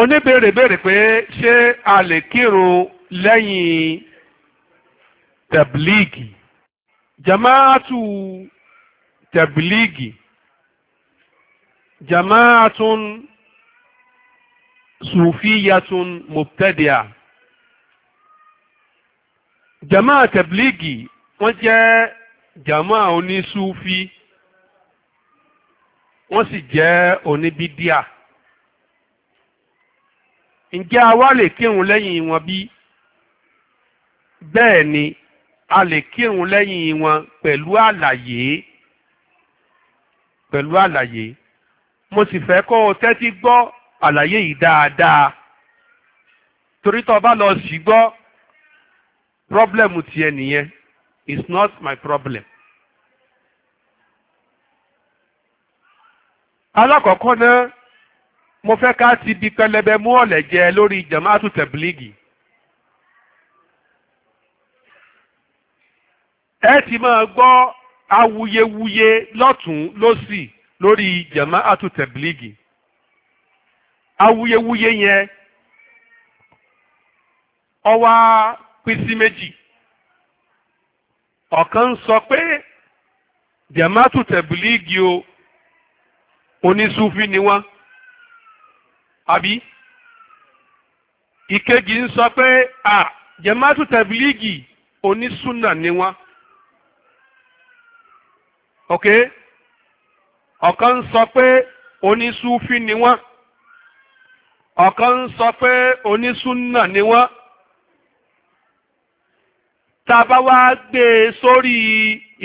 oníbèrè béèrè pé ṣé a lè kírun lẹ́yìn tẹ̀blíìgì jamaatu tẹ̀blíìgì jamaatun sufiyatun mubtadia jamaa tẹ̀blíìgì wọ́n jẹ́ jamaa onísúfí wọ́n sì jẹ́ oníbídíà ǹjẹ́ a wá lè kírun lẹ́yìn wọn bí? bẹ́ẹ̀ ni a lè kírun lẹ́yìn wọn pẹ̀lú àlàyé pẹ̀lú àlàyé mo sì fẹ́ kó o tẹ́tí gbọ́ àlàyé yìí dáadáa torí tó bá lọ sí gbọ́ problem tiẹ̀ nìyẹn it's not my problem. alákọ̀ọ́kọ́ náà mo fẹ́ ká ti di pẹlẹbẹ mú ọ̀lẹ̀ jẹ lórí jamaatu tẹ̀blígì. ẹ ti máa gbọ́ awuyewuye lọ́tún lọ́sì lórí jamaatu tẹ̀blígì. awuyewuye yẹn ó wá pín sí méjì ọ̀kan ń sọ pé jamaatu tẹ̀blígì o onísúfí ni wọ́n àbí ìkejì ń sọ pé à jẹ̀mátù tẹ̀bílíìgì onísùnà ni wọ́n ok ọ̀kan ń sọ pé onísùfí ni wọ́n ọ̀kan ń sọ pé onísùnà ni wọ́n tá a bá wá gbé e sórí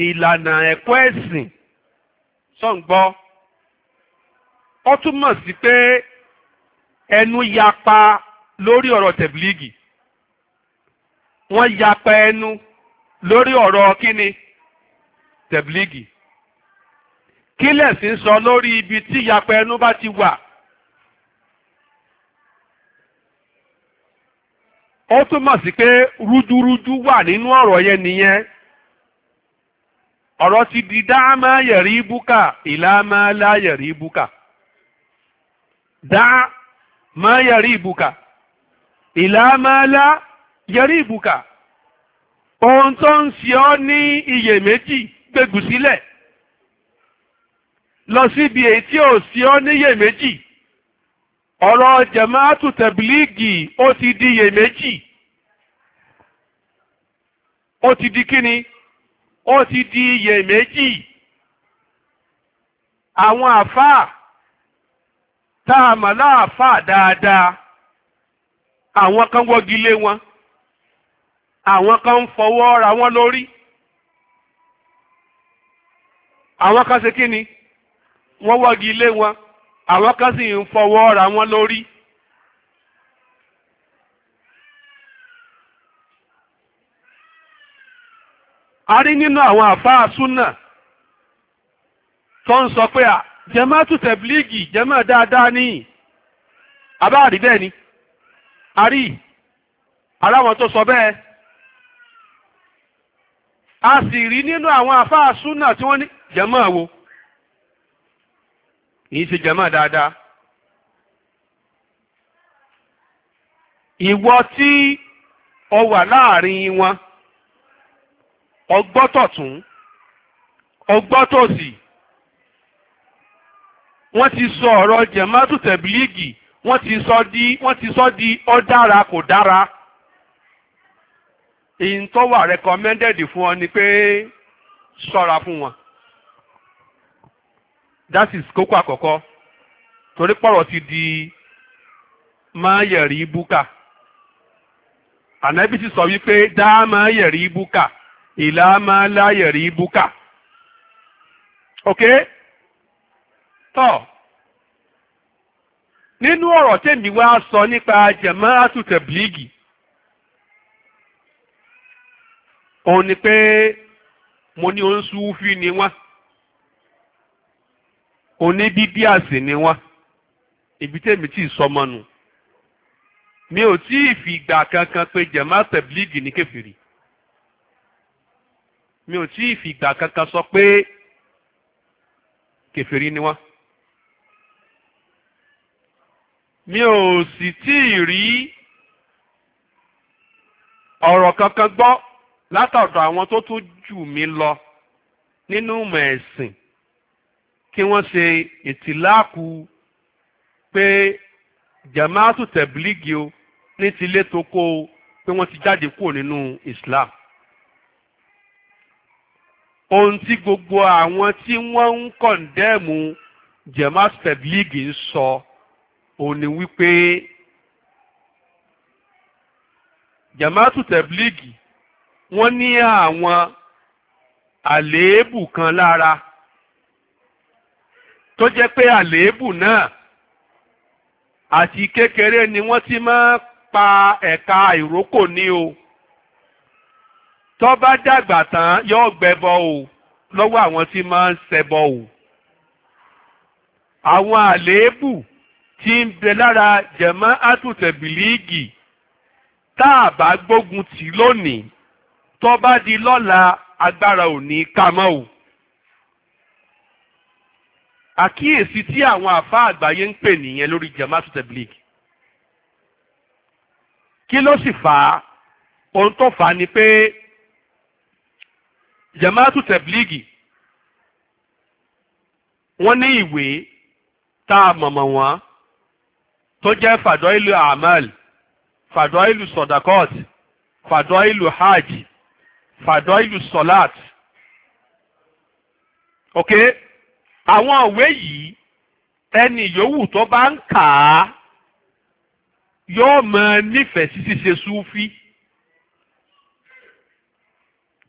ìlànà ẹ̀kọ́ ẹ̀sìn sọ̀ǹgbọ́ ó túmọ̀ sí pé ẹnu yapa lórí ọ̀rọ̀ tẹ̀bílígì wọ́n yapa ẹnu lórí ọ̀rọ̀ kíni tẹ̀bílígì kí lẹ̀sìn sọ lórí ibi tí yapa ẹnu bá ti wà. ó túmọ̀ sí pé rúdúrúdú wà nínú ọ̀rọ̀ yẹn nìyẹn ọ̀rọ̀ ti di dá yẹ̀rí búkà ìlà búkà dá ma yàrí ìbùkà ìlà máa lá yàrí ìbùkà ohun tó ń ṣe ọ́ ní iyèméjì gbégù sílẹ̀ lọ síbi èyí tí ò ṣe ọ́ ní iyèméjì ọ̀rọ̀ jẹ̀máàtù tẹ̀bílíìgì ó ti di iyèméjì ó ti di kíni ó ti di iyèméjì àwọn àfáà tá a mà láàfà dáadáa àwọn kan wọ́gi lé wọn àwọn kan ń fọwọ́ ra wọn lórí àwọn kan ṣe kí ni wọ́n wọ́gi lé wọn àwọn kan sì ń fọwọ́ ra wọn lórí. a rí nínú àwọn àfáà súnà tó ń sọ pé jẹ́mọ́ tún tẹ̀blígì jẹ́mọ́ dáadáa ní àbáàrí bẹ́ẹ̀ ni àrí aláwọn tó sọ bẹ́ẹ̀ a sì rí nínú àwọn àfáà súnà tí wọ́n ní jẹ́mọ́ wo kì ṣe jẹ́mọ́ dáadáa ìwọ tí ọ wà láàrin wọn ọgbọ́tọ̀tún ọgbọ́tọ̀sì wọ́n ti sọ ọ̀rọ̀ jẹ̀mátù tẹ̀bílíìgì wọ́n ti sọ di wọ́n ti sọ di ó dára kò dára. èyí tó wà recommended fún ọ ni pé ṣọ́ra fún wọn. that is kókó àkọ́kọ́ torí pọ̀rọ̀ ti di máa yẹ̀rí búkà. ànábì ti sọ wípé dá máa yẹ̀rí búkà ìlà máa láyẹ̀rí búkà. okay? tọ́ nínú ọ̀rọ̀ tèmi wá sọ nípa jẹ̀mọ́ràtù tẹ̀blígì òun ni pé mo ní oníṣúfì ni wọ́n oníbíbíàsì ni wá ibi tèmi tí ì sọmọ nù mi ò tí ì fìgbà kankan pé jẹ̀mọ́ràtù tẹ̀blígì ní kẹfìrì mi ò tí ì fìgbà kankan sọ pé kẹfìrí ni wá mi ò sì tí ì rí ọ̀rọ̀ kankan gbọ́ látọ̀dọ̀ àwọn tó tún jù mí lọ nínú ìmọ̀ ẹ̀sìn kí wọ́n ṣe ìtìláàkù pé jamaatu tẹ̀blígì o ní tilé tó kó o pé wọ́n ti jáde kúrò nínú Islam ohun tí gbogbo àwọn tí wọ́n ń kọ̀ǹdẹ́ẹ̀mù jamaatu tẹ̀blígì ń sọ òun ni wípé jamaatu tẹ̀blígì wọ́n ní àwọn àléébù kan lára tó jẹ́ pé àléébù náà àti kékeré ni wọ́n ti máa pa ẹ̀ka ìrókò ní o tó bá dàgbà tán yóò gbẹbọ o lọ́wọ́ àwọn tí máa ń ṣẹbọ o àwọn àléébù tí ń bẹ lára jẹ̀mọ́ àtúntẹ̀bìlíìgì tá a bá gbógun tì lónìí tó bá di lọ́la agbára ò ní ká mọ́ o. àkíyèsí tí àwọn àfa àgbáyé ń pè nìyẹn lórí jẹ̀mọ́ àtúntẹ̀bìlíìgì. kí ló sì fà á ohun tó fà á ni pé jẹ̀mọ́ àtúntẹ̀bìlíìgì wọ́n ní ìwé tá a mọ̀mọ̀ wọ́n tó jẹ́ fàdọ́ ìlú amal fàdọ́ ìlú sọ̀dàkọ́t fàdọ́ ìlú hajj fàdọ́ ìlú sọ̀láàt ok àwọn òwe yìí ẹni yòówù tó bá ń kà á yóò máa nífẹ̀ẹ́ sí ṣíṣe súfí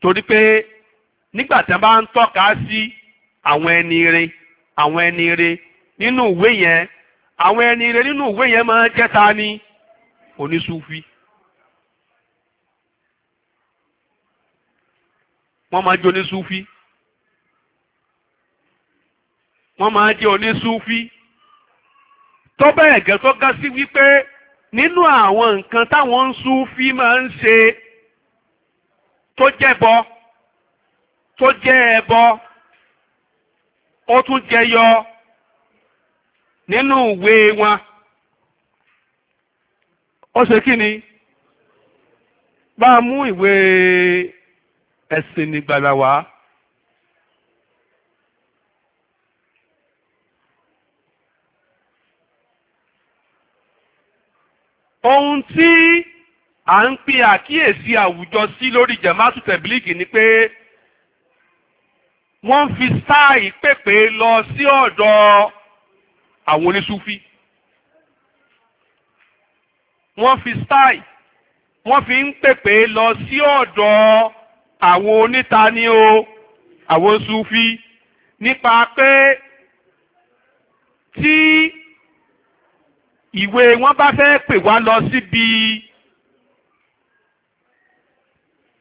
torí pé nígbà tí wọ́n bá ń tọ́ka sí àwọn ẹni ire àwọn ẹni ire nínú ìwé yẹn àwọn ẹni rẹ nínú ìwé yẹn máa jẹ́ ta ni onísúfí wọ́n máa jẹ́ onísúfí wọ́n máa jẹ́ onísúfí tó bẹ́ẹ̀ gẹ́ tó ga sí wípé nínú àwọn nǹkan táwọn ń súfí máa ń ṣe tó jẹ́bọ tó jẹ́ ẹbọ ó tún jẹyọ nínú ìwé wọn ó ṣe kí ni bá mú ìwé ẹ̀sìn nìgbàlà wá ohun tí à ń pe àkíyèsí àwùjọ sí lórí jamaatu tẹ̀bílíkì ni pé wọ́n fi sáà ìpèpè lọ sí ọ̀dọ̀ àwọn onísúfí wọ́n fi style wọ́n fi ń pèpè lọ sí ọ̀dọ̀ àwọn onítani o àwọn súfí nípa pé tí ìwé wọn bá fẹ́ pè wá lọ síbi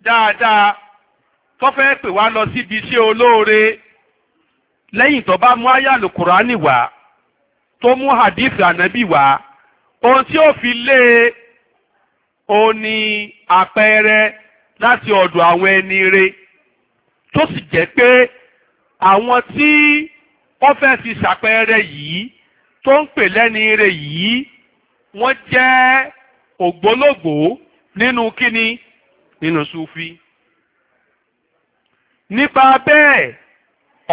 dáadáa tó fẹ́ pè wá lọ síbi iṣẹ́ olóore lẹ́yìn tó bá mú àyà lùkùránì wá tó mú hadith ànábì wá ohun tí ó fi lé e ó ní àpẹẹrẹ láti ọ̀dọ̀ àwọn ẹni re tó sì jẹ́ pé àwọn tí wọ́n fẹ́ fi ṣàpẹẹrẹ yìí tó ń pè lẹ́ni re yìí wọ́n jẹ́ ògbólógbòó nínú kíni nínú sufi nípa bẹ́ẹ̀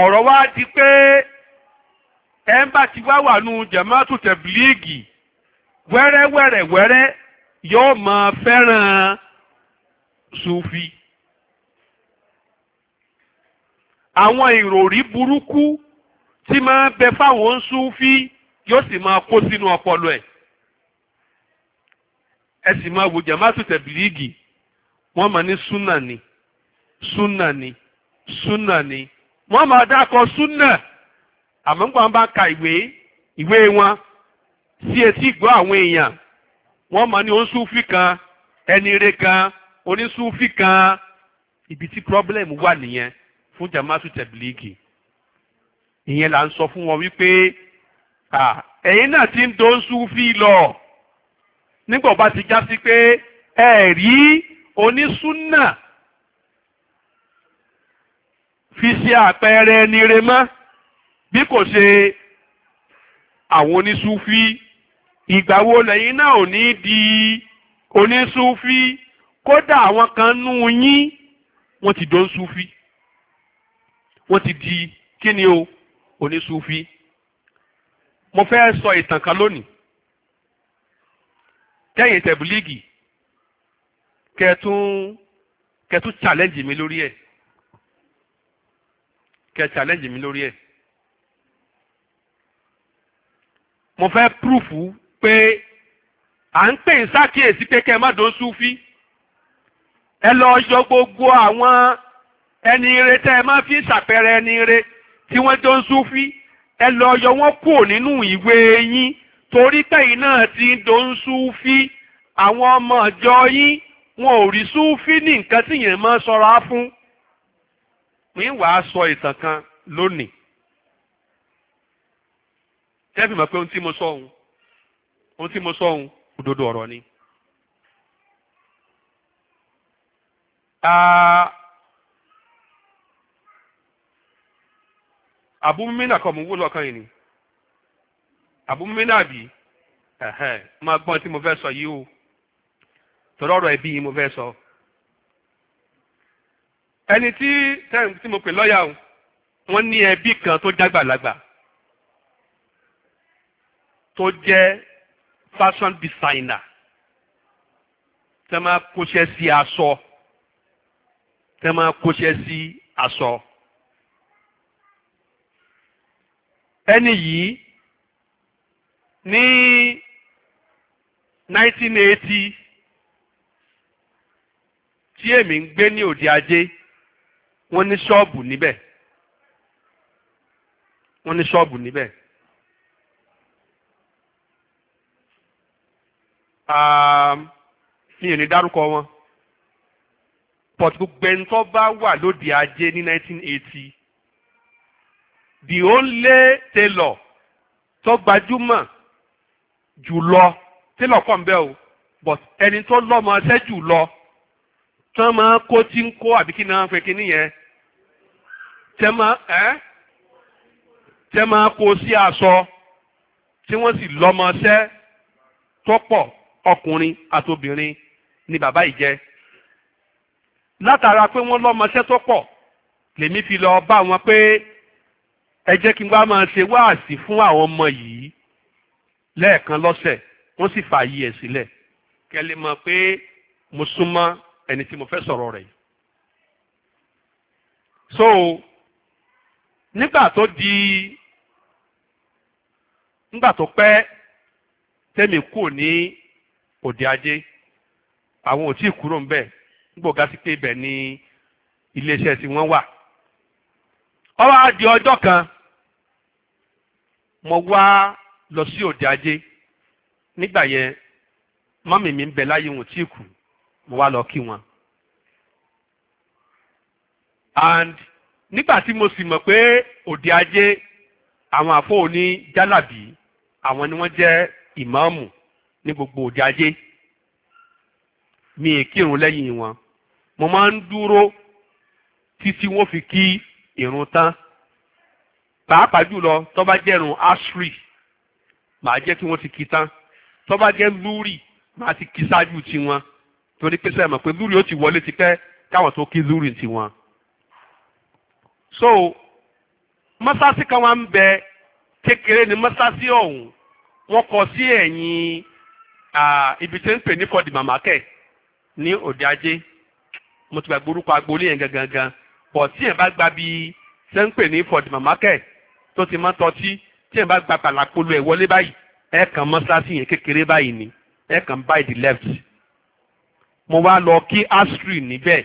ọ̀rọ̀ wá di pé ẹ bá ti wá wà nù jamaatu tẹ̀blíìgì wẹ́rẹ́wẹ́rẹ́wẹ́rẹ́ yóò máa fẹ́ràn sufi. àwọn ìròrí burúkú tí máa bẹ fáwọn sufi yóò sì máa kó sínú ọpọlọ ẹ̀ ẹ sì máa wò jamaatu tẹ̀blíìgì wọ́n máa ní súnà ni súnà ni súnà ni wọ́n máa dákọ̀ súnà àmọ́ nígbà wọn bá ka ìwé ìwé wọn sí etí ìgbọ́ àwọn èèyàn wọ́n mọ̀ ní oníṣúfì kan ẹnire kan oníṣúfì kan ibi tí problem wà nìyẹn fún jamaatu tẹ̀bílíìgì ìyẹn là ń sọ fún wọn wípé ẹ̀yin náà ti ń do oníṣúfì lọ nígbà wọn bá ti já sí pé ẹ rí oníṣúnà fi ṣe àpẹẹrẹ ẹnire mọ́ bí kò ṣe àwọn onísúfí ìgbà wo lẹ́yìn náà ní di onísúfí kódà àwọn kan nú yín wọ́n ti dọ́n súfí wọ́n ti di kíni o onísúfí mo fẹ́ sọ ìtàn kan lónìí kẹ́yìn tẹ̀bílíìgì kẹ́tún kẹ́tún challenge mi lórí ẹ̀ kẹ́ challenge mi lórí ẹ̀. mo fẹ́ púrùfù pé à ń pè ń ṣàkíyèsí pé kẹ́ ẹ má dó súfí ẹ lọ yọ gbogbo àwọn ẹni ire tẹ́ ẹ má fi ṣàpẹẹrẹ ẹni ire tí wọ́n jọ ń súfí ẹ lọ yọ wọ́n kúrò nínú ìwé yín torí pẹ̀yìn náà ti ń dó ń súfí àwọn ọmọ ọjọ́ yín wọn ò rí súfí ní nǹkan tí yẹn máa ṣọ́ra fún. mi wàá sọ ìtàn kan lónìí. tẹ́sí mọ̀ pé ohun tí mo sọ ohun ohun tí mo sọ ohun òdodo ọ̀rọ̀ ni. àbúmínà kọ̀ mú wó lọ́kàn yìí ni àbúmínà bí máa gbọ́n tí sọ yìí o tọ́lọ́ ọ̀rọ̀ ẹbí sọ. ẹni tí mo pè wọ́n ní ẹbí kan tó jẹ́ fashion designer tẹ́ máa kóṣẹ́ sí aṣọ tẹ́ máa kóṣẹ́ sí aṣọ. ẹni yìí ní 1980 tí èmi ń gbé ní òde ajé wọ́n ní ṣọ́ọ̀bù níbẹ̀ wọ́n ní ṣọ́ọ̀bù níbẹ̀. mi ò ní dárúkọ wọn but gbogbo ẹni tó bá wà lóde ajé ní 1980 the only tailor tó gbajúmọ̀ jùlọ tailor kàn bẹ́ẹ̀ o but ẹni tó lọ́mọ ṣẹ́ jùlọ tán máa kó tí ń kó àbí kí náà fẹ́ kí nìyẹn tẹ́ máa ẹ́ tẹ́ máa kó sí aṣọ tí wọ́n sì lọ́mọ ṣẹ́ tó pọ̀ ọkùnrin àtobìnrin ni bàbá yìí jẹ́ látara pé wọ́n lọ́mọṣẹ́ tó pọ̀ lèmi fi lọ bá wọn pé ẹ jẹ́ kí n wá máa ṣe wáàsí fún àwọn ọmọ yìí lẹ́ẹ̀kan lọ́sẹ̀ wọ́n sì fààyè ẹ̀ sílẹ̀ kẹ́ lè pé mo súnmọ́ ẹni tí mo fẹ́ sọ̀rọ̀ rẹ̀ so nígbà tó di nígbà tó pẹ́ tẹ́mi kù ní òde ajé àwọn ò tí ì kúrò ń bẹ̀ gbọ̀gá sí pé ibẹ̀ ni iléeṣẹ́ tí wọ́n wà. ó wá di ọjọ́ kan mo wá lọ sí òde ajé nígbà yẹn mọ́mì mi ń bẹ láyé wọn ò tí ì kú mo wá lọ kí wọn. and nígbà tí mo sì mọ̀ pé òde ajé àwọn àfọ̀ọ́ ní jálàbí àwọn ni wọ́n jẹ́ ìmáàmù ní gbogbo òde ajé mi è kírun lẹ́yìn wọn mo máa ń dúró títí wọ́n fi kí ìrun tán pàápàá jùlọ tó bá jẹ́rùn ashri màá jẹ́ kí wọ́n ti kí tán tó bá jẹ́ lúrì màá ti kí ṣáájú tiwọn torí pé sẹ́yìn mọ̀ pé lúrì ó ti wọlé ti pẹ́ káwọn tó kí lúrì tiwọn. so mọ́sáàsì kan wá ń bẹ kékeré ni mọ́sáàsì ọ̀hún wọ́n kọ sí ẹ̀yìn ibi tí ń pè ní kọ́ọ̀dì màmákẹ́ ní òde ajé mo ti gbàgbé orúkọ agboolé yẹn gangan gan bọ̀ tí yẹn bá gba bí ṣe ń pè ní fọ̀dì màmákẹ́ tó ti mọ́ tọ́tí tí yẹn bá gba pàlàpolo ẹ̀ wọlé báyìí ẹ̀ kàn mọ́ṣáláṣí yẹn kékeré báyìí ni ẹ̀ kàn by the left mo wá lọ kí asri níbẹ̀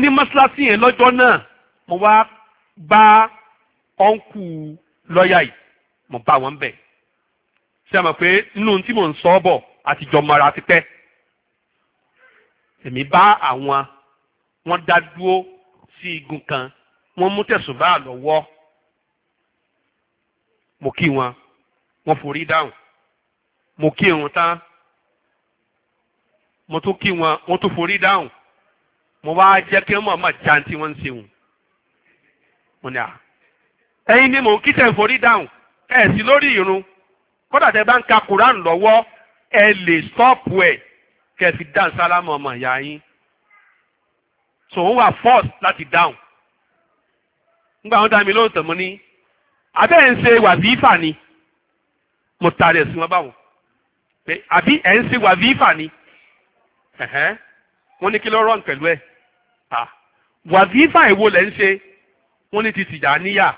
ní mọ́ṣáláṣí yẹn lọ́jọ́ náà mo wá bá ọ̀nkù lọ́ọ̀yà yìí mo bá wọn bẹ̀ ṣe àmọ̀ pé nínú tí mò ń sọ bọ̀ àtijọ́ mara ti pẹ́ èmi bá àwọn wọ́n dá dúró sí igun kan wọ́n mú tẹ̀sùbá lọ́wọ́ mo kí wọn wọ́n forí dáhùn mo kí wọn tán mo tún kí wọn wọ́n tún forí dáhùn mo wá jẹ́ kí wọ́n máa já tí wọ́n ń ṣe wọn mo ní à ẹ̀yin ni mò ń kí tẹ̀ ń forí dáhùn ẹ̀ sí lórí ìrun kódà tẹ bá ń ka Quran lọ́wọ́ ẹ lè stọ́ọ̀pù ẹ̀ kẹ́ fi dáhùn sálámù ọmọ ìyá yín so òun wà force láti dáhùn nígbà wọn dá mi lóhùn tẹ̀mọ́ ní abẹ́ ẹ̀ ń ṣe wàzífà ni mo ta rẹ̀ sí wọn báwọn pé àbí ẹ̀ ń ṣe wàzífà ni wọ́n ní kí ló rọrùn pẹ̀lú ẹ̀ wàzífà èwo lẹ́ ń ṣe wọ́n ní ti tìjà níyà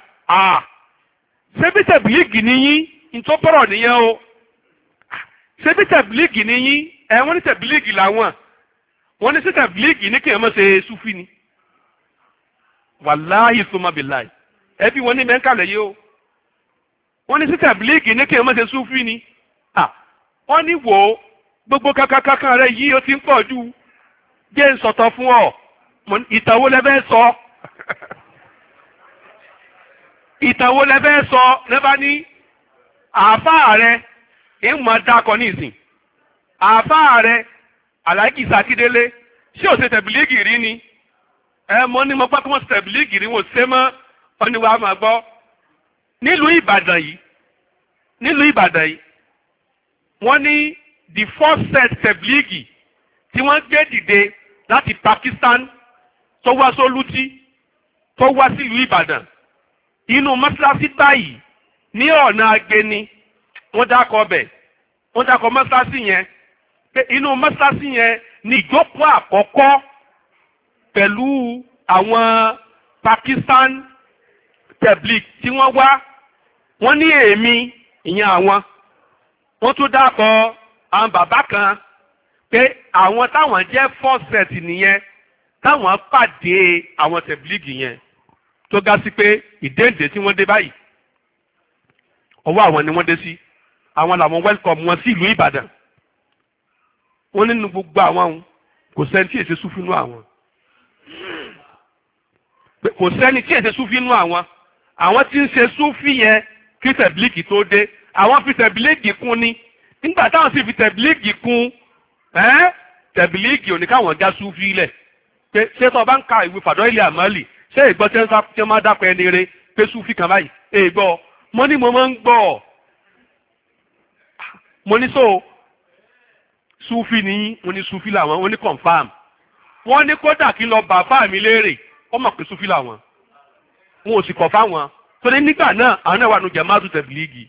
ṣébítẹ̀bù yìí gì níyìn ntọ́bọ̀rọ̀ nìyẹn o ṣé bí tẹ̀bílíìgì ni yín ẹ wọ́n ní tẹ̀bílíìgì làwọn wọ́n ní sí tẹ̀bílíìgì ní kéèyàn mọ̀ ṣe sufi ni wàláhì sọmọbìláì ẹbí wọn ní mẹ́ńkàlẹ̀ yìí o wọ́n ní sí tẹ̀bílíìgì ní kéèyàn mọ̀ ṣe sufi ni wọ́n ní wò ó gbogbo kankankan rẹ yìí ó ti ń pọ̀ ju jẹ́ ń fún ọ ìtàwó lẹ́fẹ́ sọ ìtàwó lẹ́fẹ́ sọ lẹ́fà ní àáfàá rẹ ìmọ̀ dákọ̀ ní ìsìn àáfàá rẹ aláìkì sàkídélé ṣé ò ṣe tẹ̀bílíìgì rí ni ẹ mọ ní mo pápá wọn ṣe tẹ̀bílíìgì rí wọn ṣe mọ́ oníwà máa gbọ́ nílùú Ìbàdàn yìí nílùú Ìbàdàn yìí wọ́n ní the first set tẹ̀bílíìgì tí wọ́n gbé dìde láti Pakistan tó wá sólútì tó wá sílùú Ìbàdàn inú mọ́ṣáláṣí báyìí ní ọ̀nà ageni wọ́n dákọ̀ ọbẹ̀ wọ́n dákọ̀ mọ́sáàsì yẹn pé inú mọ́sáàsì yẹn ni ìjókòó àkọ́kọ́ pẹ̀lú àwọn Pakistan Tabligh tí wọ́n wá wọ́n ní èmi ìyẹn àwọn wọ́n tún dákọ̀ àwọn bàbá kan pé àwọn táwọn jẹ́ fọ́sẹ̀t nìyẹn táwọn pàdé àwọn Tabligh yẹn tó ga sí pé ìdéǹdè tí wọ́n dé báyìí ọwọ́ àwọn ni wọ́n dé sí àwọn làwọn welcome wọn sí ìlú Ìbàdàn wọ́n nínú gbogbo àwọn àwọn kò sẹ́ni tí èsè súnfínú àwọn kò sẹ́ni tí èsè súnfínú àwọn àwọn tí ń ṣe súnfí yẹn kí tẹ̀bílíkì tó dé àwọn fi tẹ̀bílíkì kún ni nígbà táwọn sì fi tẹ̀bílíkì kún ẹ́ tẹ̀bílíkì ò ní káwọn já súnfí lẹ̀ pé ṣé tó o bá ń ka ìwé fàdọ́ ilé àmọ́lì ṣé ìgbọ́ tẹ́ ń sá tẹ́ máa dápẹ́ ẹni pé súnfí kan báyìí èègbọ́ mo ní mo máa ń gbọ́ mo ní so sufi ni mo ní sufi làwọn mo ní confam wọ́n ní kódà kí n lọ bàbá mi léèrè wọ́n mọ̀ pé sufi làwọn wọn ò sì kọ̀ fáwọn tó ní nígbà náà àwọn náà wà nù jamaatu tẹ̀bílíìgì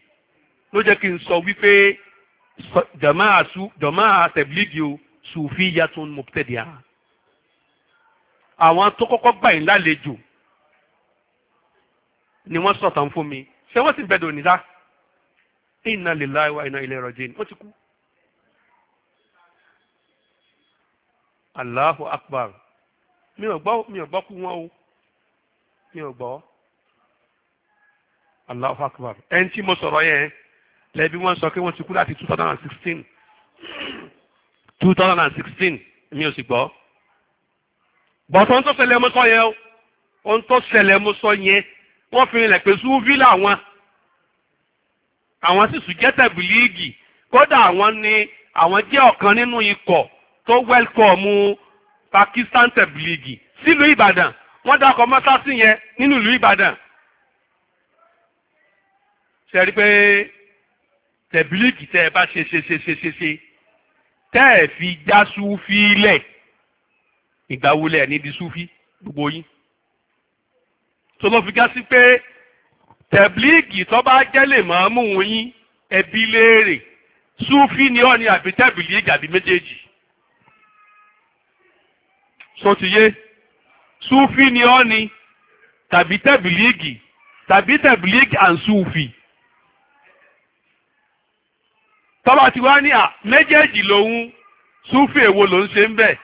ló jẹ́ kí n sọ wípé jamaa tẹ̀bílíìgì o sufi yàtọ̀ mọ̀tẹ́díà àwọn tó kọ́kọ́ gbà yín lálejò ni wọ́n sọ̀tàn fún mi ṣé wọ́n sì bẹ̀dọ̀ nílá inna lillahi wa inna ilaihi raji'un wọ́n ti kú. Allahu akbar mi ò gbọ́ mi ò gbọ́ kú wọn o mi ò gbọ́ Allahu akbar ẹni tí mo sọ̀rọ̀ yẹn lẹ́bi wọ́n sọ pé wọ́n ti kú láti two thousand and sixteen two thousand and sixteen mi ò sì gbọ́ bọ̀tọ̀ ń tó ṣẹlẹ̀ mo yẹn o ohun tó ṣẹlẹ̀ mo yẹn wọ́n fi rinlẹ̀ pé súnfí làwọn àwọn sì sùn jẹ́ tẹ̀bílíìgì kódà àwọn ni àwọn jẹ́ ọ̀kan nínú ikọ̀ tó wẹ́lkọ̀mù Pakistan tẹ̀bílíìgì sílùú Ìbàdàn wọ́n dákọ̀ mọ́sáàsì yẹn nínú ìlú Ìbàdàn ṣe rí pé tẹ̀bílíìgì tẹ́ ẹ bá ṣe ṣe ṣe ṣe ṣe ṣe tẹ́ ẹ fi já súnfí lẹ̀ ìgbà wo lẹ̀ níbi súnfí gbogbo yín tó ló fi gá sí pé tẹ̀blíìgì tó bá jẹ́ lè máa mú un yín ẹbí léèrè súfì ni ọ́ ni àbí tẹ̀blíìgì àbí méjèèjì so ti yé súfì ni ọ́ ni tàbí tẹ̀blíìgì tàbí tẹ̀blíìgì and súfì tọ́ba ti wá ní à méjèèjì lòun súfì èwo ló ṣe ń bẹ́ẹ̀.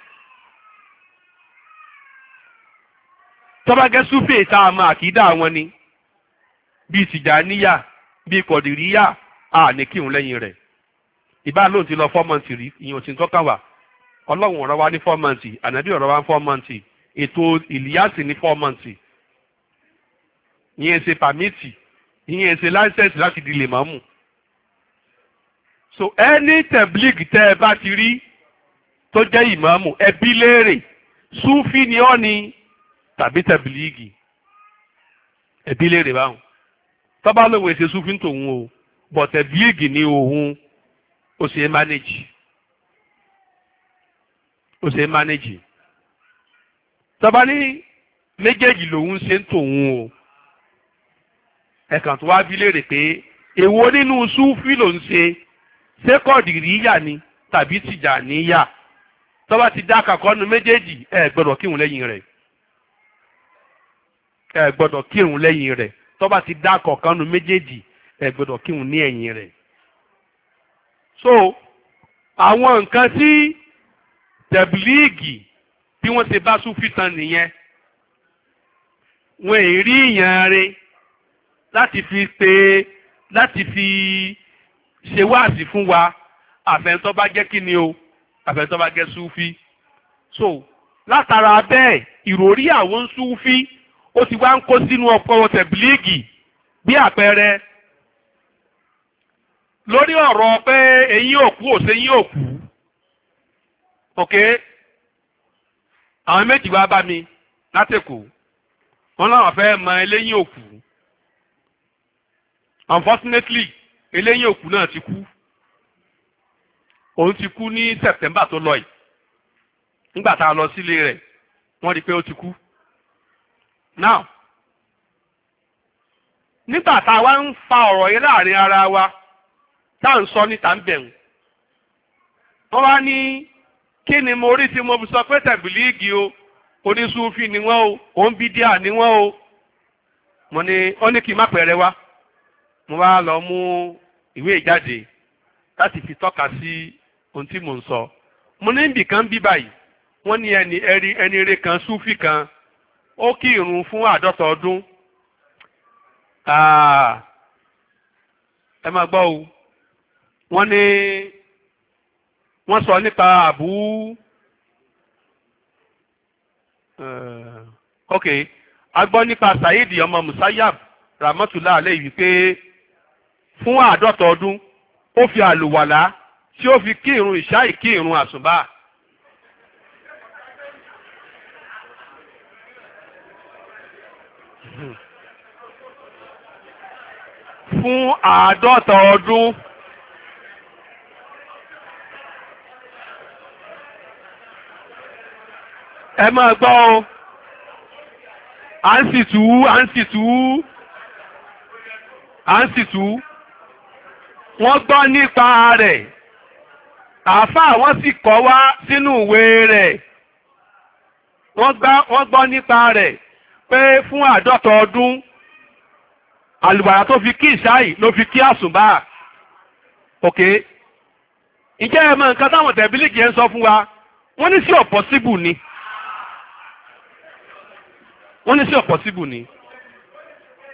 tọ́bágẹ́ súfè tá a mọ àkídà wọn ni bíi tìjàníyà bíi kọ̀dìríyà a ní kírun lẹ́yìn rẹ̀ ìbá lóun ti lọ four months rí ìyẹn ò sì ń tọ́ka wà ọlọ́run ọ̀rọ̀ wa ní four months ànábì ọ̀rọ̀ wa ní four ètò ìlíyàsì ní four ìyẹn ṣe pàmìtì ìyẹn ṣe láńsẹ̀sì láti di lè so ẹni tẹ̀blík tẹ́ ẹ bá ti rí tó jẹ́ ìmọ̀ọ́mù ẹbí léèrè súfì ni ọ́ ni tàbí tàbílíìgì ẹbí léèrè báwọn tọ́ba lóun èsè sùfín tòun o bọ̀ tàbílíìgì ni òun ó sì ń mánéjì ó sì ń mánéjì tọ́ba ní méjèèjì lòun ṣe ń tòun o ẹ̀kan tó wá bí léèrè pé èwo nínú sùfín ló ń ṣe ṣé kọ̀dìríyà ni tàbí tìjàníyà tọ́ba ti dá kàkọ́nu méjèèjì ẹ̀ gbọ́dọ̀ kírun lẹ́yìn rẹ̀ ẹ gbọ́dọ̀ kírun lẹ́yìn rẹ̀ tó bá ti dá kọ̀ọ̀kan nu méjèèjì ẹ kírun ní ẹ̀yìn rẹ̀. so àwọn nǹkan tí tẹ̀bílíìgì bí wọ́n ṣe bá súnfìtàn nìyẹn wọn èrí ìyàn rẹ̀ láti fi pe láti fi ṣe wáàsí fún wa àfẹnutọ́ bá jẹ́ kí ni o àfẹnutọ́ bá jẹ́ súfí so látara bẹ́ẹ̀ ìròrí àwọn súfí ó ti wá ń kó sínú ọpọlọ tẹ̀bílíìgì bí àpẹẹrẹ lórí ọ̀rọ̀ pé eyín òkú òsè eyín òkú ok àwọn méjì wá bá mi látẹ̀kù wọn làwọn fẹ́ mọ eléyìn òkú unfortunately eléyìn òkú náà ti kú òun ti kú ní September tó lọ yìí nígbà tá a lọ sílé rẹ̀ wọ́n rí i pé ó ti kú. now nígbà tá a wá ń fa ọ̀rọ̀ yìí láàrin ara wa tá à ń sọ níta ń bẹ̀rù wọ́n wá ní kí ni mo rí tí mo fi sọ pé tẹ̀bílíìgì o onísùúfì ni wọ́n o òǹbídíà ni wọ́n o mo ní ó ní kí n má pẹ̀rẹ̀ wá mo wá lọ mú ìwé ìjáde láti fi tọ́ka sí ohun tí mò ń sọ mo ní ibì kan bí báyìí wọ́n ní ẹni ẹni kan kan ó kí irun fún àádọ́ta ọdún ẹ máa gbọ́ o wọ́n ní wọ́n sọ nípa àbú eh, ok a gbọ́ nípa Saheed ọmọ Musayab Rahmatullah alẹ́ wípé fún àádọ́ta ọdún ó fi àlùwàlá tí ó fi kí irun ìṣáì kí irun àsùnbà. fún àádọ́ta ọdún. ẹ máa gbọ́ o à ń sì tú à ń sì tú à ń sì tú wọ́n gbọ́ nípa rẹ̀ àáfàá wọ́n sì kọ́ wá sínú ìwé rẹ̀ wọ́n gbọ́ nípa rẹ̀ pé fún àádọ́ta ọdún àlùbàrà tó fi kí ìsáì ló fi kí àsùnbà ok ǹjẹ́ ẹ mọ nǹkan táwọn tẹ̀bílìkì yẹn ń sọ fún wa wọ́n ní sí ọ̀pọ̀síbù ni wọ́n ní sí ọ̀pọ̀síbù ni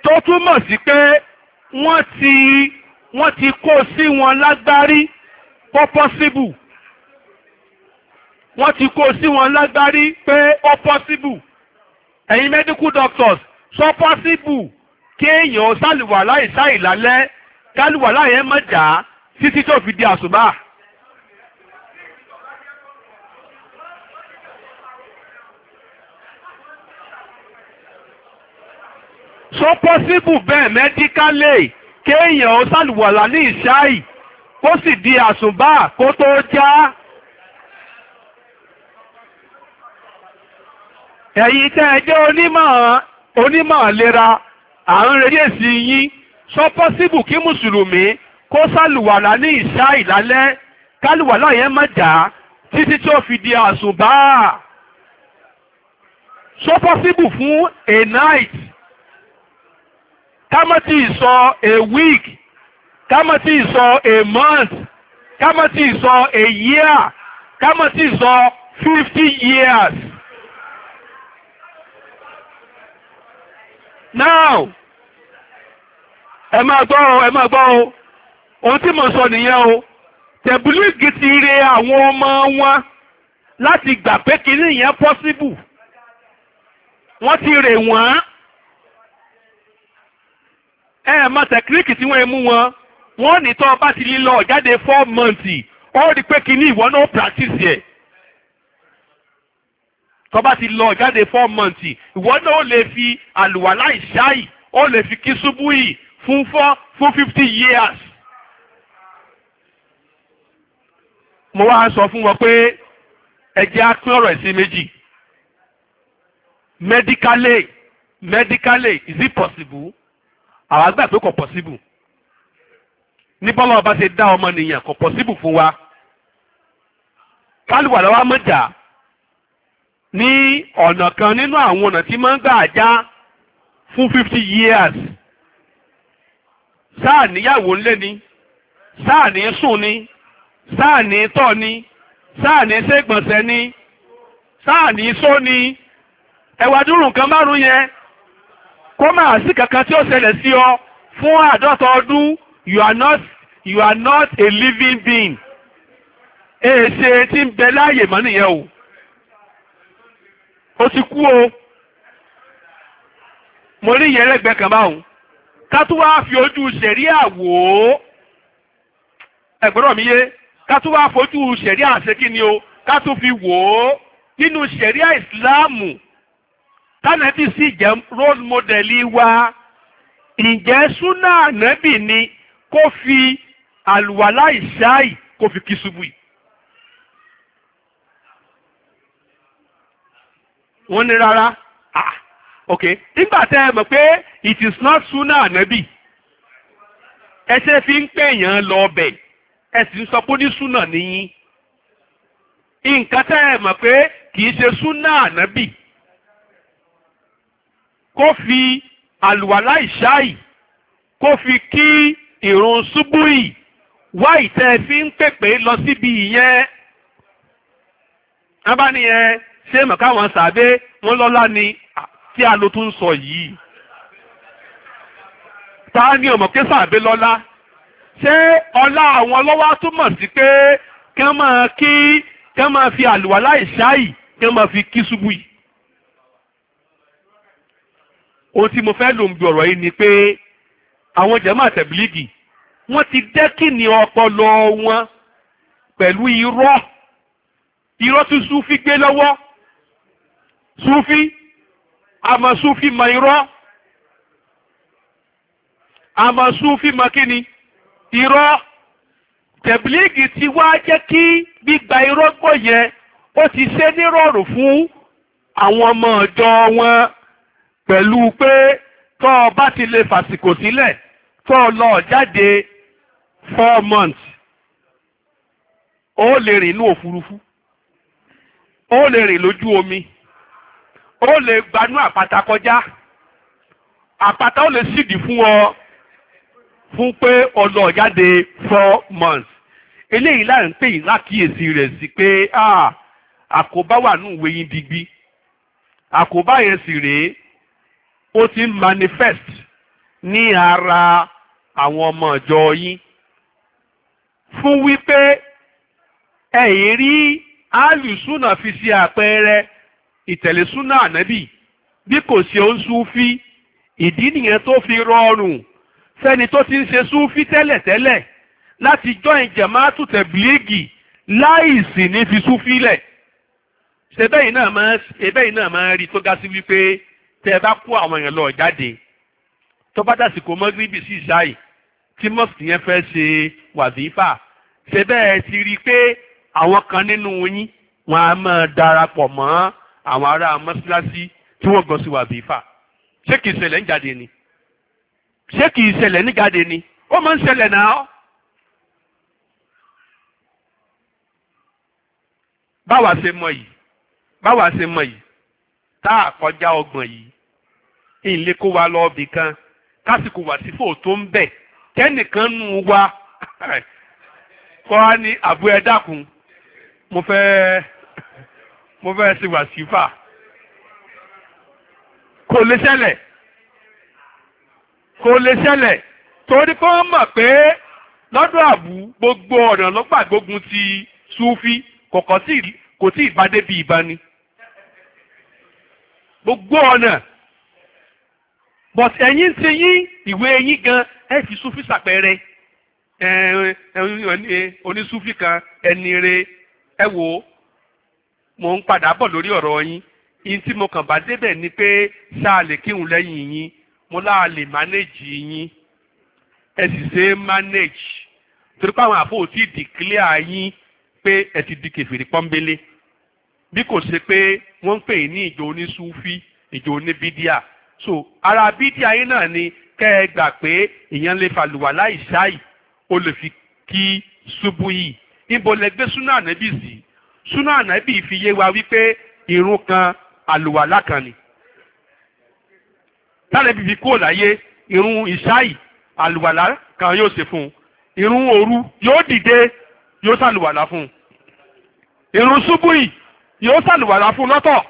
tó túmọ̀ sí pé wọ́n ti wọ́n ti kó sí wọn lágbárí pọ́ pọ́síbù wọ́n ti kó sí wọn lágbárí pé ó pọ́síbù ẹ̀yin medical doctors sọ pọ́síbù kéèyàn sálùwà láì sáì lálẹ́ kálùwà láì ẹ̀ mọ̀ jà títí tó fi di àṣùbà. sọ pọ́síbù bẹ́ẹ̀ mẹ́díkálẹ̀ kéèyàn sálùwà lálẹ́ ìsáì kó sì di àṣùbà kó tó já. Ja. ẹ̀yin tẹ́ ẹ jẹ́ onímọ̀ onímọ̀ ìlera à ń retí èsì yín sọ pọ́síbù kí mùsùlùmí kó sàlùwàlà ní ìṣá ìlálẹ́ kálùwàlà yẹn má dà títí tí ó fi di àsùbá sọ pọ́síbù fún a night kámọ́tì sọ a week kámọ́tì sọ a month kámọ́tì sọ a year kámọ́tì sọ fifty years. now ẹ máa gbọ́ o ẹ máa gbọ́ o ohun tí mo sọ nìyẹn o tẹ̀bílíìgì ti re àwọn ọmọ wọn láti gbà pé kinní yẹn pọ́síbù wọ́n ti rè wọ́n ẹ mọ tẹkiníìkì tí wọ́n mú wọn wọ́n ní bá ti lílọ jáde four months ó rí pé kinní ìwọ náà practice yẹn tó bá ti lọ jáde four months ìwọ náà ó lè fi àlùwàlá ìṣáì ó lè fi kí ṣubú yìí fún four fún fifty years. mo wá sọ fún wọn pé ẹ jẹ́ á pín ọ̀rọ̀ ẹ̀ sí méjì medically medically is it possible àwa gbà pé kò possible ní bọ́lá ọba ṣe dá ọmọ nìyẹn kò possible fún wa kálùwà lọ́wọ́ mọ̀jà ní ọ̀nà kan nínú àwọn ọ̀nà tí máa ń gbà já fún fifty years sáà níyàwó ńlé ni sáà ní sùn ni sáà ní tọ̀ ni sáà ní ṣègbọ̀nsẹ̀ ni sáà ní só ni ẹ̀wà dúró nǹkan márùn-ún yẹn kó máa sí kankan tí ó ṣẹlẹ̀ sí ọ fún àádọ́ta ọdún you are not you are not a living being èsè tí ń bẹ láàyè mọ́ nìyẹn o. ó ti kú o mo rí ìyẹn kan báwọn wá fi ojú ṣẹ̀ríà wò ó ẹ̀gbọ́dọ̀ mi yé ká fojú ni o ká fi wò ó nínú ṣẹ̀ríà ìsìláàmù tánàbì sì jẹ́ role wa ǹjẹ́ súnà ni kó fi kó fi wọ́n ní rárá ah ok nígbà tẹ́ ẹ mọ̀ pé it is not sunna ànábì ẹ ṣe fi ń pèèyàn lọ ọbẹ̀ ẹ sì ń sọ pé ó ní sunna nìyí nǹkan tẹ́ ẹ mọ̀ pé kì í ṣe sunna ànábì kó fi àlùwàlá ìṣáì kó fi kí ìrun ṣubúì wá ìtẹ́ fi ń pèpè lọ síbi ìyẹn abániyẹn ṣé mọ̀ káwọn sàbẹ wọn lọ́lá ni tí a lo tún sọ yìí ta ni ọmọ ké sàbẹ lọ́lá ṣé ọlá àwọn lọ́wọ́ túmọ̀ sí pé kí wọ́n máa kí kí wọ́n máa fi àlùwàlá ìṣáì kí wọ́n máa fi kí ṣubú yìí ohun tí mo fẹ́ lò ń bi ọ̀rọ̀ yìí ni pé àwọn jàmáà tẹ̀bílígì wọ́n ti dẹ́kìnì ọpọlọ wọn pẹ̀lú irọ́ irọ́ tuntun fi gbé lọ́wọ́ súfí àmọ́ súfí mọ irọ́ àmọ́ súfí mọ kíni irọ́ tẹ̀blígì ti wá jẹ́ kí gbígba irọ́ gbọ́ yẹn ó ti ṣe nírọ̀rùn fún àwọn ọmọ ọ̀jọ́ wọn pẹ̀lú pé tọ́ ọ bá ti lè fàsìkò sílẹ̀ tọ́ ọ lọ jáde four months ó lè rìn inú òfurufú ó lè rìn lójú omi ó lè gbanú àpáta kọjá àpáta ó lè sídìí fún ọ fún pé ọlọ jáde four months eléyìí láì ń pè yín lákìyèsí rẹ̀ sí pé ah, àkóbá wà nù ìwé yín digbí àkóbá yẹn sì rèé ó ti ń manifest ní ara àwọn ọmọ ìjọ yín fún wípé ẹ̀yìn rí alùsùnà fi ṣe àpẹẹrẹ ìtẹ̀lé súnà ànábì bí kò ṣe ó ń súfí ìdí nìyẹn tó fi rọrùn fẹ́ni tó ti ń ṣe súfí tẹ́lẹ̀tẹ́lẹ̀ láti join jamaatu tẹ̀blígì láìsí ní fi súfí lẹ̀ ṣẹbẹ́yìn náà máa ṣẹbẹ́yìn náà máa rí tó ga sí wípé tẹ́ ẹ bá kó àwọn èèyàn lọ jáde tó bá dàsìkò mọ́gíríbì sí ìṣáì tí mọ́sì yẹn fẹ́ ṣe wàzífà ṣẹbẹ́ ẹ ti rí i pé àwọn kan nínú yín wọn á máa darapọ̀ mọ́ àwọn ará mọ́síláṣí tí wọ́n gọ́ sí wà bí fà ṣé kìí ṣẹlẹ̀ ń jáde ni ṣé kìí ṣẹlẹ̀ ní jáde ni ó máa ń ṣẹlẹ̀ náà. báwa ṣe mọ yìí báwa ṣe mọ yìí tá a kọjá ọgbọ̀n yìí ìlé kó wa lọ ọbì kan kásìkò wà sí fò tó ń bẹ̀ kẹ́nìkan nù wa kọ́ á àbúrò ẹ dákun mo fẹ́ẹ́. mo fẹ́ ṣe wàsífà kò lè ṣẹlẹ̀ kò lè ṣẹlẹ̀ torí pé mọ̀ pé lọ́dún àbú gbogbo ọ̀nà ló gbàgbógun ti súfì kọ̀kọ́ tí kò tí ì bá débi gbogbo ọ̀nà but ẹ̀yìn ti yí ìwé gan ẹ̀ kan wò ó. mo ń padà bọ̀ lórí ọ̀rọ̀ yín yín tí mo kàn bá débẹ̀ ni pé sáà lè kírun lẹ́yìn yín mo láà lè mánéjì yín ẹ sì ṣe é mánéjì torí pé àwọn àfọwò tí dìkílẹ̀ yín pé ẹ ti di kẹfìrí pọ́nbélé bí kò ṣe pé wọ́n ń pè ní ìjọ onísúfí ìjọ oníbídíà so ara bídíà yín náà ni kẹ́ ẹ gbà pé èèyàn lè fàlùwà láì ṣáì o lè fi kí ṣubú yìí níbo lẹ súnà níbí sí súnà ànábì fi wa wípé irun kan àlùwàlá kan ni tálẹ́bì fi kúrò láyé irun ìṣáì àlùwàlá kan yóò ṣe fún un irun òru yóò dìde yóò ṣàlùwàlá fún un irun ṣubúì yóò ṣàlùwàlá fún un lọ́tọ̀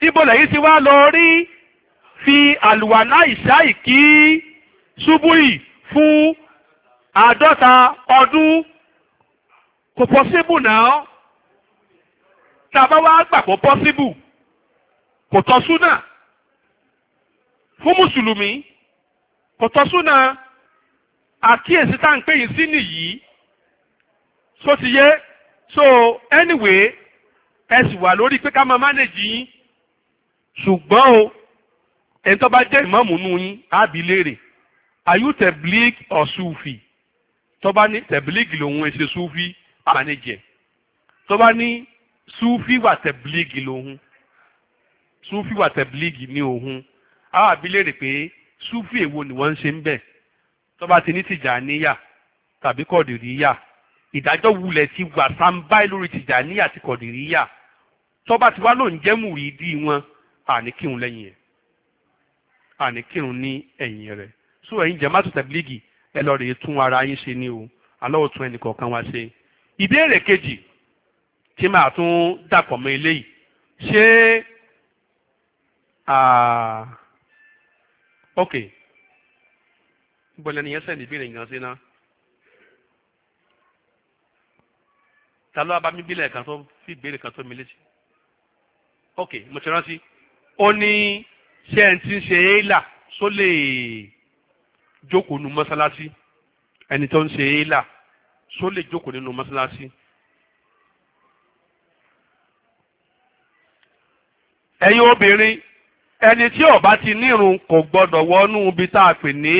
ibo lẹ́yìn tí wá lọ rí fi àlùwàlá ìṣáì kí ṣubúì fún àádọ́ta ọdún kò pọ́síbù náà tá a bá wá gbà kó pọ́síbù kò tọ́ súnà fún mùsùlùmí kò tọ́ súnà àkíyèsí tá à ń pè yín sí nìyí so ti yé so anyway ẹ sì wà lórí pé ká máa mánéjì yín ṣùgbọ́n o ẹni tó bá jẹ́ ìmọ̀ọ́mù nù yín àbí léèrè are you teblig or sufi tó bá ní teblig lòun ẹ ṣe sufi àmàlejẹ tó bá ní sufi wà tẹ̀blígì lòun sufi wà tẹ̀blígì ní òun àwọn àbílẹ̀ pé sufi èwo ni wọ́n ń ṣe ń bẹ̀ tó bá ti ní tìjàníyà tàbí kọ̀dìríyà ìdájọ́ wulẹ̀ ti wà sáńbáì lórí tìjàníyà àti kọ̀dìríyà tó bá ti wá lóun jẹ́ mùrídìí wọn àní kírun lẹ́yìn ẹ̀ àní kírun ní ẹ̀yìn rẹ̀ so jẹ́ mátò tẹ̀blígì ẹ lọ rèé tún ara yín ṣe ní o aláwọ̀ tún ẹnì kọ̀ọ̀kan wá ṣe ìbéèrè kejì tí màá tún dàpọ̀ mọ́ eléyìí ṣé ok bọ́lá ni yẹn sẹ́ni ìbéèrè yẹn sí náà ta ló abá mi bílẹ̀ kan tó fi ìbéèrè kan tó mi létí ok mo ti rántí ó ní ṣé ẹ ti ń ṣe é là só jókòó nu mọ́sálásí ẹni tó ń ṣe é là só lè jókòó nínú mọ́ṣáláṣí. ẹ̀yin obìnrin ẹni tí ó bá ti nírun kò gbọ́dọ̀ wọnú ibi tá a pè ní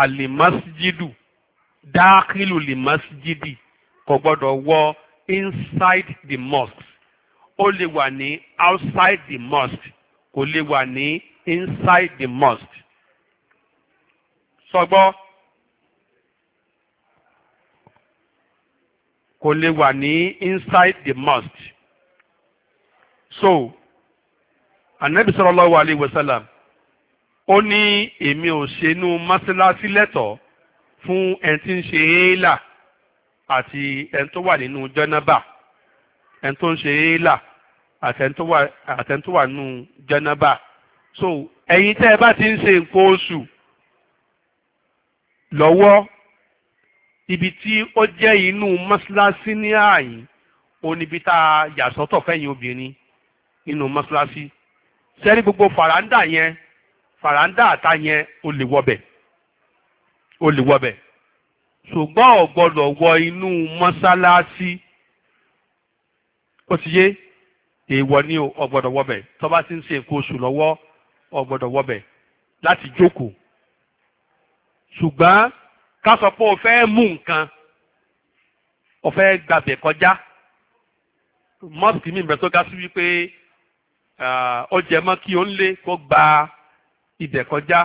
àlìmọ́síjídù dákìlù lìmọ́síjídì kò gbọ́dọ̀ wọ inside the mosque ó lè wà ní outside the mosque kò lè wà ní inside the mosque. sọgbọ́n. So, kò lè wà ní inside the mosque so anabi sallallahu alayhi wa sallam ó ní èmi ò ṣenú mọ́sálásí lẹ́tọ̀ọ́ fún ẹni tí ń ṣe éélà àti ẹni tó wà nínú jẹ́nàbà ẹni tó ń ṣe éélà àti ẹni tó wà nínú jẹ́nàbà so ẹ̀yin tẹ́ ẹ bá ti ń ṣe nǹkan oṣù lọ́wọ́ ibi tí ó jẹ́ inú mọ́ṣáláṣí ní ààyìn ó níbi tá a yà sọ́tọ̀ fẹ́yìn obìnrin nínú mọ́ṣáláṣí sẹ́rí gbogbo fàràǹdà yẹn fàràǹdà àta yẹn ó lè wọbẹ̀ ó lè wọbẹ̀ ṣùgbọ́n ò gbọ́dọ̀ wọ inú mọ́ṣáláṣí ó ti yé èèwọ̀ ni ò gbọ́dọ̀ tó bá ti ń ṣe nǹkan oṣù lọ́wọ́ ò gbọ́dọ̀ láti jókòó ṣùgbọ́n ká sọ pé o fẹ́ mú nǹkan o fẹ́ gbàbẹ̀ kọjá mọ́sìkì mi bẹ̀rẹ̀ tó ga sí wípé ó jẹ mọ́ kí o ń lé kó gba ibẹ̀ kọjá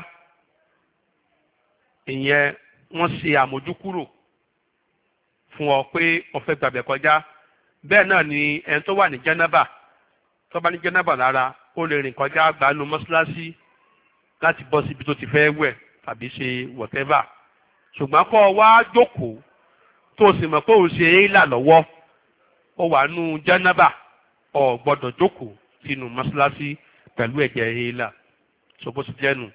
ìyẹn wọ́n ṣe àmójúkúrò fún ọ pé o fẹ́ gbàbẹ̀ kọjá bẹ́ẹ̀ náà ni ẹni tó wà ní jẹ́nẹ́bà tó bá ní jẹ́nẹ́bà lára ó lè rìn kọjá gbanú mọ́ṣáláṣí láti bọ́ síbi tó ti fẹ́ wẹ̀ tàbí ṣe wọ̀tẹ́bà ṣùgbọ́n kọ́ ọ wá jókòó tó o sì mọ̀ pé òun ṣe é là lọ́wọ́ ó wà nù jánábà ọ̀ gbọ́dọ̀ jókòó sínú mọ́ṣáláṣí pẹ̀lú ẹ̀jẹ̀ èélà ṣòbó ti jẹ́nu.